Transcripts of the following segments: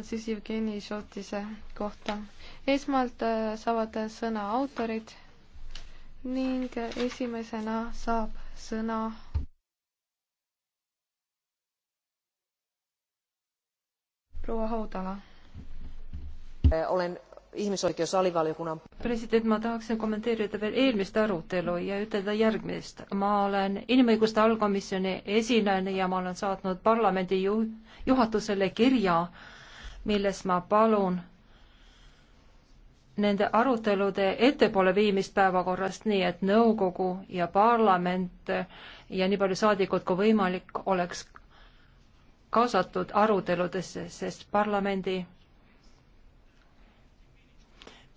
siis Jevgeni Šotise kohta. esmalt äh, saavad sõna autorid ning esimesena saab sõna proua Haudala. olen ihmisoikeus alivaliokunnan. president, ma tahaksin kommenteerida veel eelmist arutelu ja ütelda järgmist. ma olen inimõiguste allkomisjoni esinejana ja ma olen saatnud parlamendi ju-, juhatusele kirja äh, milles ma palun nende arutelude ettepoole viimist päevakorrast, nii et nõukogu ja parlament ja nii palju saadikud kui võimalik oleks kaasatud aruteludesse, sest parlamendi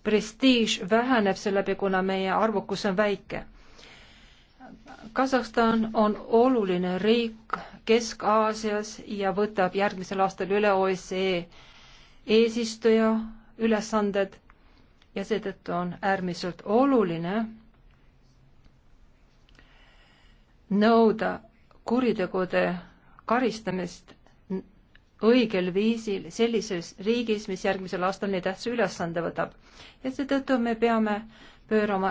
prestiiž väheneb seeläbi, kuna meie arvukus on väike. Kasahstan on oluline riik Kesk-Aasias ja võtab järgmisel aastal üle OSCE eesistuja ülesanded ja seetõttu on äärmiselt oluline nõuda kuritegude karistamist õigel viisil sellises riigis, mis järgmisel aastal nii tähtsa ülesande võtab. ja seetõttu me peame pöörama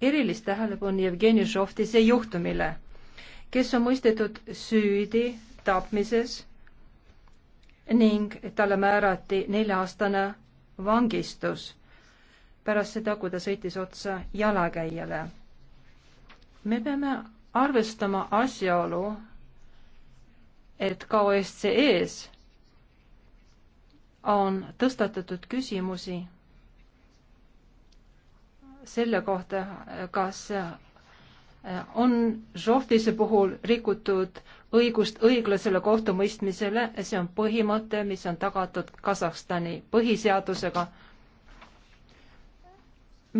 erilist tähelepanu Jevgeni Žohtise juhtumile, kes on mõistetud süüdi tapmises ning talle määrati nelja-aastane vangistus pärast seda, kui ta sõitis otsa jalakäijale. me peame arvestama asjaolu, et ka OSCE-s on tõstatatud küsimusi selle kohta, kas Äh, on Žohtise puhul rikutud õigust õiglasele kohtumõistmisele, see on põhimõte, mis on tagatud Kasahstani põhiseadusega.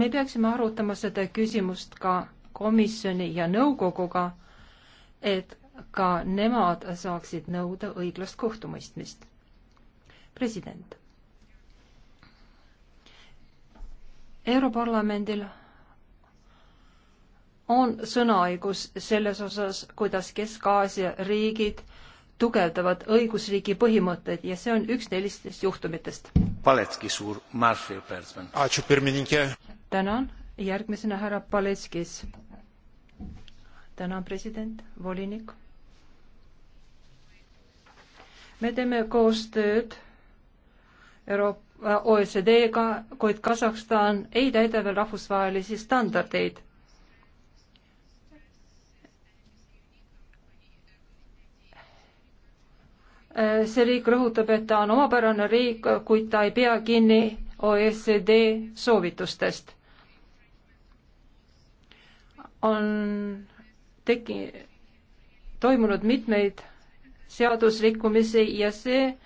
me peaksime arutama seda küsimust ka komisjoni ja nõukoguga, et ka nemad saaksid nõuda õiglast kohtumõistmist. president. Europarlamendil on sõnaõigus selles osas, kuidas Kesk-Aasia riigid tugevdavad õigusriigi põhimõtteid ja see on üks nelistest juhtumitest. tänan, järgmisena härra Paletskis. tänan, president, volinik. me teeme koostööd Euroopa äh, OECD-ga, kuid Kasahstan ei täida veel rahvusvahelisi standardeid see riik rõhutab, et ta on omapärane riik, kuid ta ei pea kinni OECD soovitustest. on teki-, toimunud mitmeid seadusrikkumisi ja see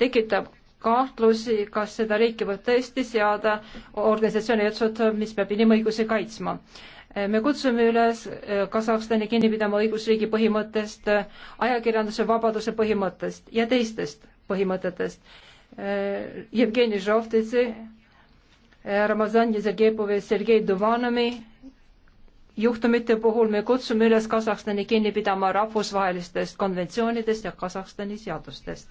tekitab kahtlusi, kas seda riiki võib tõesti seada organisatsiooni otsustada, mis peab inimõigusi kaitsma me kutsume üles eh, Kasahstani kinni pidama õigusriigi põhimõttest, eh, ajakirjanduse vabaduse põhimõttest ja teistest põhimõtetest. Eh, Jevgeni Žovtitsi, Ramazan Jezergepovi, Sergei Duvanovi juhtumite puhul me kutsume üles Kasahstani kinni pidama rahvusvahelistest konventsioonidest ja Kasahstani seadustest.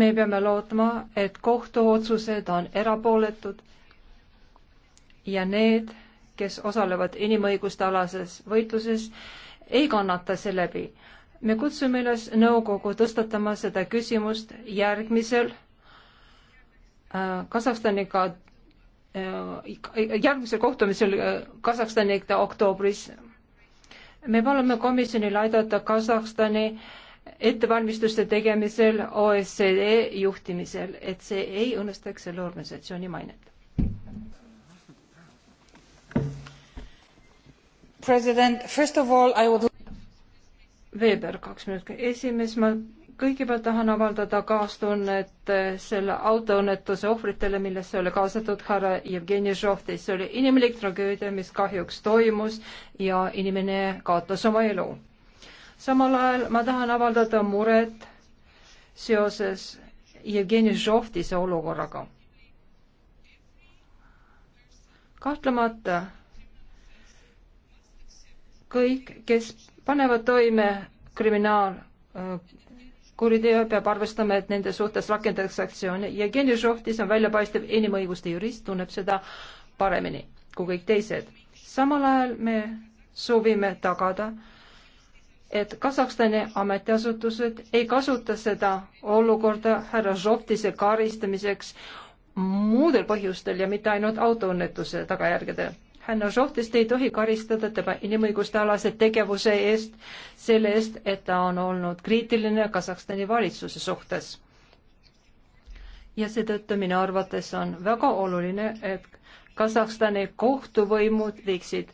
me peame lootma, et kohtuotsused on erapooletud ja need, kes osalevad inimõiguste alases võitluses, ei kannata seeläbi. me kutsume üles nõukogu tõstatama seda küsimust järgmisel äh, Kasahstaniga, äh, järgmisel kohtumisel äh, Kasahstaniga oktoobris. me palume komisjonil aidata Kasahstani ettevalmistuste tegemisel OSCE juhtimisel, et see ei õnnestaks selle organisatsiooni mainet Would... Weber, kaks minutit. esimees, ma kõigepealt tahan avaldada kaastunnet eh, selle autoõnnetuse ohvritele, millesse oli kaasatud härra Jevgeni Žohtis. see oli inimlik tragöödia, mis kahjuks toimus ja inimene kaotas oma elu. samal ajal ma tahan avaldada muret seoses Jevgeni Žohtise olukorraga. kahtlemata kõik, kes panevad toime kriminaalkuriteo, äh, peab arvestama, et nende suhtes rakendatakse aktsioone. Jevgeni Žohtis on väljapaistev inimõiguste jurist, tunneb seda paremini kui kõik teised. samal ajal me soovime tagada, et Kasahstani ametiasutused ei kasuta seda olukorda härra Žohtise karistamiseks muudel põhjustel ja mitte ainult autoõnnetuse tagajärgedel härra Žohtist ei tohi karistada tema inimõiguste alase tegevuse eest, selle eest, et ta on olnud kriitiline Kasahstani valitsuse suhtes. ja seetõttu minu arvates on väga oluline, et Kasahstani kohtuvõimud viiksid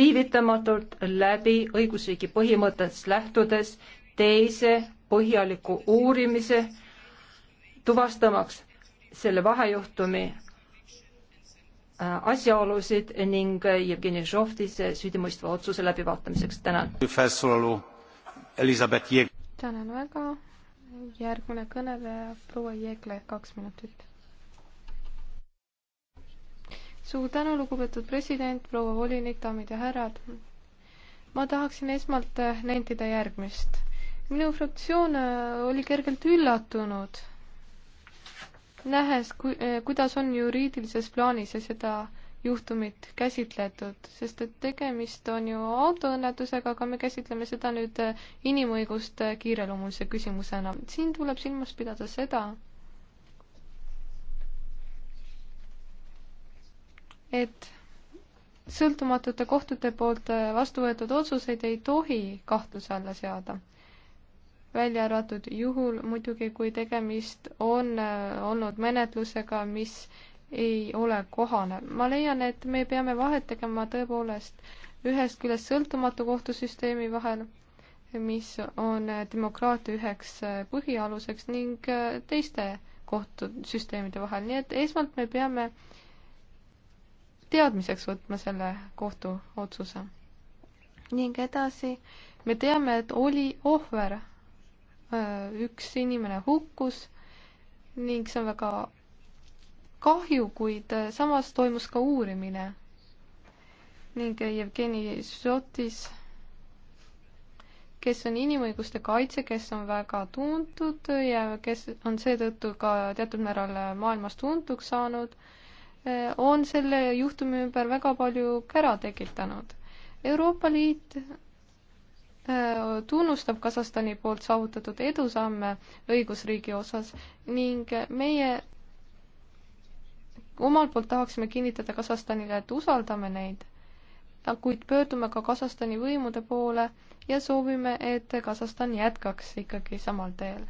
viivitamatult läbi õigusriigi põhimõttest lähtudes teise põhjaliku uurimise, tuvastamaks selle vahejuhtumi Äh, asjaolusid ning Jevgeni Žovtise süüdimõistva otsuse läbivaatamiseks. tänan. tänan väga. järgmine kõneleja, proua Jeegle, kaks minutit. suur tänu, lugupeetud president, proua volinik, daamid ja härrad. ma tahaksin esmalt nentida järgmist. minu fraktsioon äh, oli kergelt üllatunud nähes ku,, eh, kuidas on juriidilises plaanis ja seda juhtumit käsitletud, sest et tegemist on ju autoõnnetusega, aga me käsitleme seda nüüd eh, inimõiguste kiireloomulise küsimusena. siin tuleb silmas pidada seda, et sõltumatute kohtute poolt eh, vastu võetud otsuseid ei tohi kahtluse alla seada välja arvatud juhul muidugi, kui tegemist on äh, olnud menetlusega, mis ei ole kohane. ma leian, et me peame vahet tegema tõepoolest ühest küljest sõltumatu kohtusüsteemi vahel, mis on äh, demokraatia üheks äh, põhialuseks ning teiste kohtusüsteemide vahel, nii et esmalt me peame teadmiseks võtma selle kohtuotsuse. ning edasi, me teame, et oli ohver Äh, üks inimene hukkus ning see on väga kahju, kuid äh, samas toimus ka uurimine ning Jevgeni Šotis, kes on inimõiguste kaitse, kes on väga tuntud äh, ja kes on seetõttu ka teatud määral maailmas tuntuks saanud, on selle juhtumi ümber väga palju kära tekitanud. Euroopa Liit tunnustab Kasahstani poolt saavutatud edusamme õigusriigi osas ning meie omalt poolt tahaksime kinnitada Kasahstanile, et usaldame neid, kuid pöördume ka Kasahstani võimude poole ja soovime, et Kasahstan jätkaks ikkagi samal teel.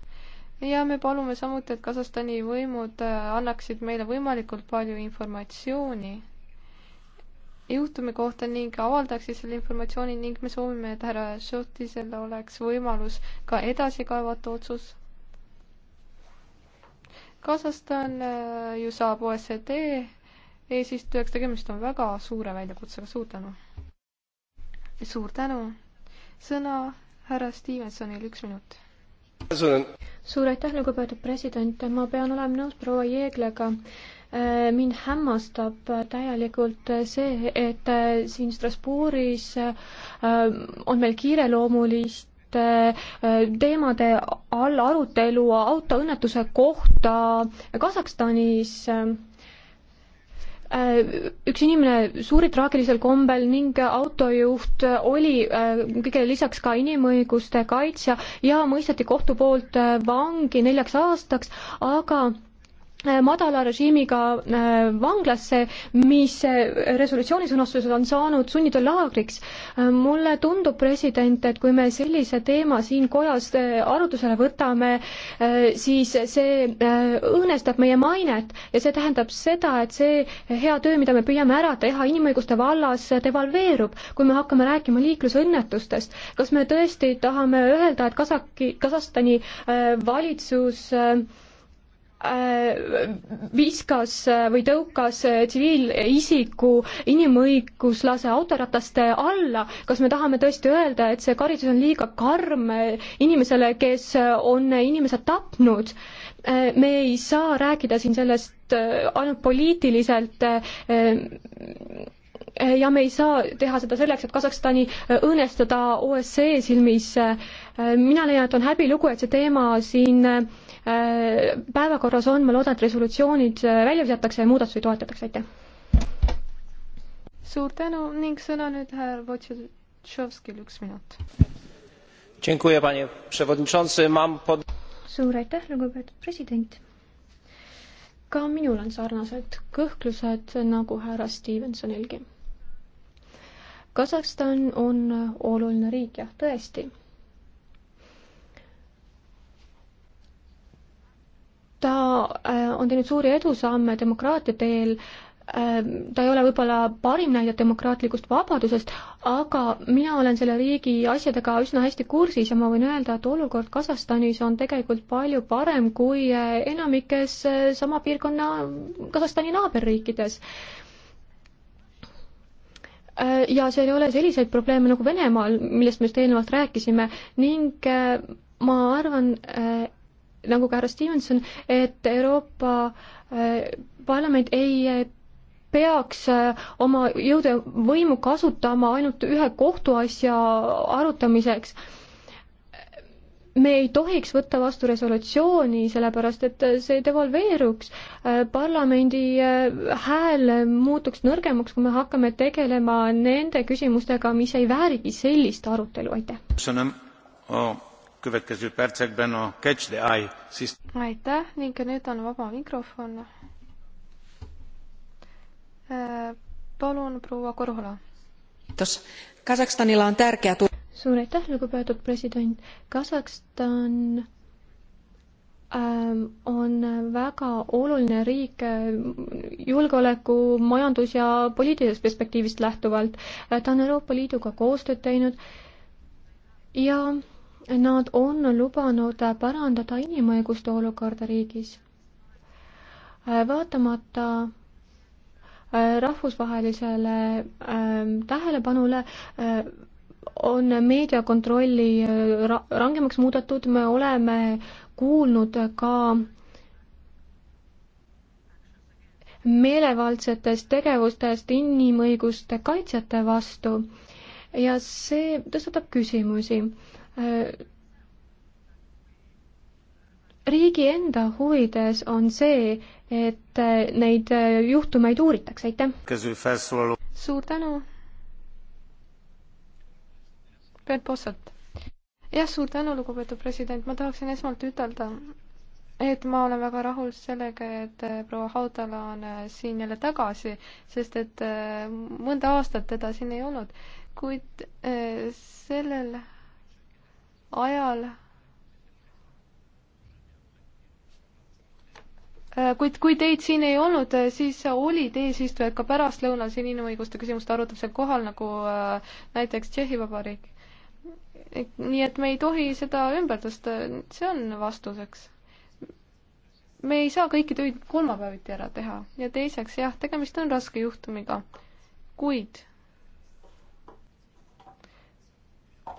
ja me palume samuti, et Kasahstani võimud äh, annaksid meile võimalikult palju informatsiooni juhtumi kohta ning avaldaksid selle informatsiooni ning me soovime, et härra Šotisel oleks võimalus ka edasi kaevata otsus. Kasahstan äh, ju saab OSCD eesistujaks, tegemist on väga suure väljakutsega, suur tänu. suur tänu. sõna härra Stevensonil, üks minut. suur aitäh, lugupeetud president, ma pean olema nõus proua Jeeglega Äh, mind hämmastab äh, täielikult see, et äh, siin Strasbourgis on meil kiireloomulist teemade all arutelu autoõnnetuse kohta Kasahstanis. üks inimene suri traagilisel kombel ning autojuht oli kõigele lisaks ka inimõiguste kaitsja ja mõisteti kohtu poolt vangi neljaks aastaks, aga Äh, madala režiimiga äh, vanglasse, mis äh, resolutsiooni sõnastuses on saanud sunnitöölaagriks. mulle tundub, president, et kui me sellise teema siin kojas arutusele võtame, siis see õõnestab meie mainet ja see tähendab seda, et see hea töö, mida me püüame ära teha inimõiguste vallas, devalveerub, kui me hakkame rääkima liiklusõnnetustest. kas me tõesti tahame öelda, et Kasaki, Kasahstani valitsus äh, Äh, viskas või tõukas tsiviilisiku inimõiguslase autorataste alla, kas me tahame tõesti öelda, et see karistus on liiga karm inimesele, kes on inimesed tapnud? Äh, me ei saa rääkida siin sellest äh, ainult poliitiliselt ja me ei saa teha seda selleks, et Kasahstani õõnestada OSCE silmis. mina leian, et on häbilugu, et see teema siin päevakorras on, ma loodan, et resolutsioonid äh, välja visatakse ja muudatusi toetatakse, aitäh! suur tänu ning sõna nüüd härra Wojtšovskil, üks minut. suur aitäh, lugupeetud president! ka minul on sarnased kõhklused nagu härra Stevensonilgi. Kasahstan on oluline riik, jah, tõesti ta äh, on teinud suuri edusamme demokraatia teel, äh, ta ei ole võib-olla parim näide demokraatlikust vabadusest, aga mina olen selle riigi asjadega üsna hästi kursis ja ma võin öelda, et olukord Kasahstanis on tegelikult palju parem kui äh, enamikes sama piirkonna Kasahstani naaberriikides. ja seal ei ole selliseid probleeme nagu Venemaal, millest me just eelnevalt rääkisime ning ma arvan, nagu ka härra Stevenson, et Euroopa äh, Parlament ei äh, peaks äh, oma jõude võimu kasutama ainult ühe kohtuasja arutamiseks. me ei tohiks võtta vastu resolutsiooni, sellepärast et see devalveeruks. parlamendi hääl muutuks nõrgemaks, kui me hakkame tegelema nende küsimustega, mis ei väärigi sellist arutelu, aitäh következő percekben a catch the eye system. aitäh ning nüüd on vaba mikrofon. palun, proua Korhola. Kasahstanil on tärkeä tu-. suur aitäh, lugupeetud president. Kasahstan ähm, on väga oluline riik äh, julgeoleku, majandus- ja poliitilisest perspektiivist lähtuvalt. Äh, ta on Euroopa Liiduga koostööd teinud ja Nad on lubanud parandada inimõiguste olukorda riigis. vaatamata äh, rahvusvahelisele ähm, tähelepanule äh, on meediakontrolli äh, ra rangemaks muudetud, me oleme kuulnud ka meelevaldsetest tegevustest inimõiguste kaitsjate vastu ja see tõstatab küsimusi riigi enda huvides on see, et neid juhtumeid uuritakse, aitäh! suur tänu! Bert Bossalt. jah, suur tänu, lugupeetud president, ma tahaksin esmalt ütelda, et ma olen väga rahul sellega, et proua Haudala on äh, siin jälle tagasi, sest et äh, mõnda aastat teda siin ei olnud, kuid äh, sellel ajal äh, kuid kui teid siin ei olnud, äh, siis olid eesistujad ka pärastlõunal siin inimõiguste küsimuste arutamisel kohal, nagu äh, näiteks Tšehhi Vabariik. nii et me ei tohi seda ümber tõsta, see on vastuseks. me ei saa kõiki töid kolmapäeviti ära teha ja teiseks jah, tegemist on raske juhtumiga, kuid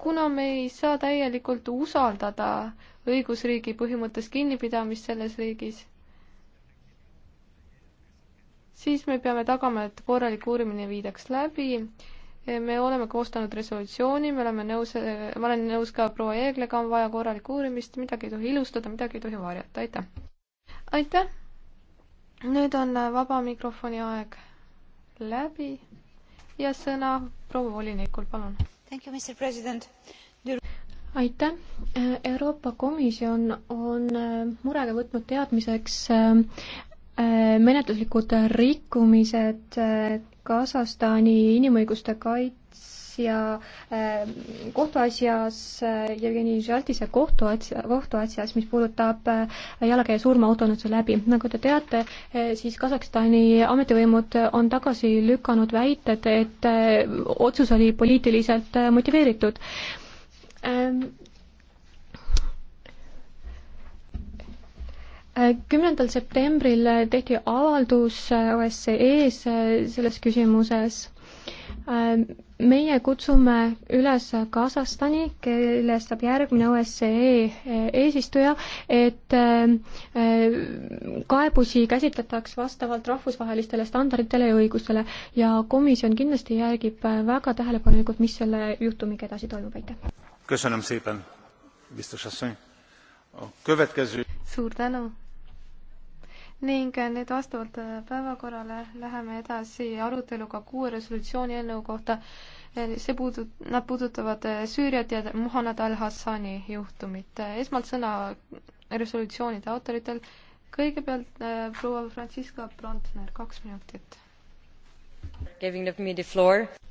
kuna me ei saa täielikult usaldada õigusriigi põhimõttest kinnipidamist selles riigis, siis me peame tagama, et korralik uurimine viidaks läbi. me oleme koostanud resolutsiooni, me oleme nõus, ma olen nõus ka proua Jeeglega, on vaja korralikku uurimist, midagi ei tohi ilustada, midagi ei tohi varjata, aitäh! aitäh! nüüd on vaba mikrofoni aeg läbi ja sõna proua volinikul, palun! aitäh, Euroopa Komisjon on äh, murega võtnud teadmiseks äh, äh, menetluslikud rikkumised Kasahstani inimõiguste kait-, kohtuasja, äh, kohtuasjas, äh, Jevgeni Žaltise kohtuasja, kohtuasjas, mis puudutab äh, jalakäija surma autoõnnetuse läbi. nagu te teate, siis Kasahstani ametivõimud on tagasi lükanud väited, et otsus oli poliitiliselt motiveeritud ähm, Kümnendal septembril tehti avaldus OSCE-s selles küsimuses ähm, meie kutsume üles Kasahstani, kellest saab järgmine OSCE eesistuja, et äh, kaebusi käsitletaks vastavalt rahvusvahelistele standarditele ja õigustele ja komisjon kindlasti jälgib väga tähelepanelikult, mis selle juhtumiga edasi toimub, aitäh. suur tänu ning eh, nüüd vastavalt eh, päevakorrale läheme edasi aruteluga kuue resolutsiooni eelnõu kohta. Eh, see puudu-, nad puudutavad Süüriat ja Muhamed al-Hassani juhtumit. esmalt sõna resolutsioonide autoritel. kõigepealt äh, proua Franziska Brandner, kaks minutit. Giving me the floor.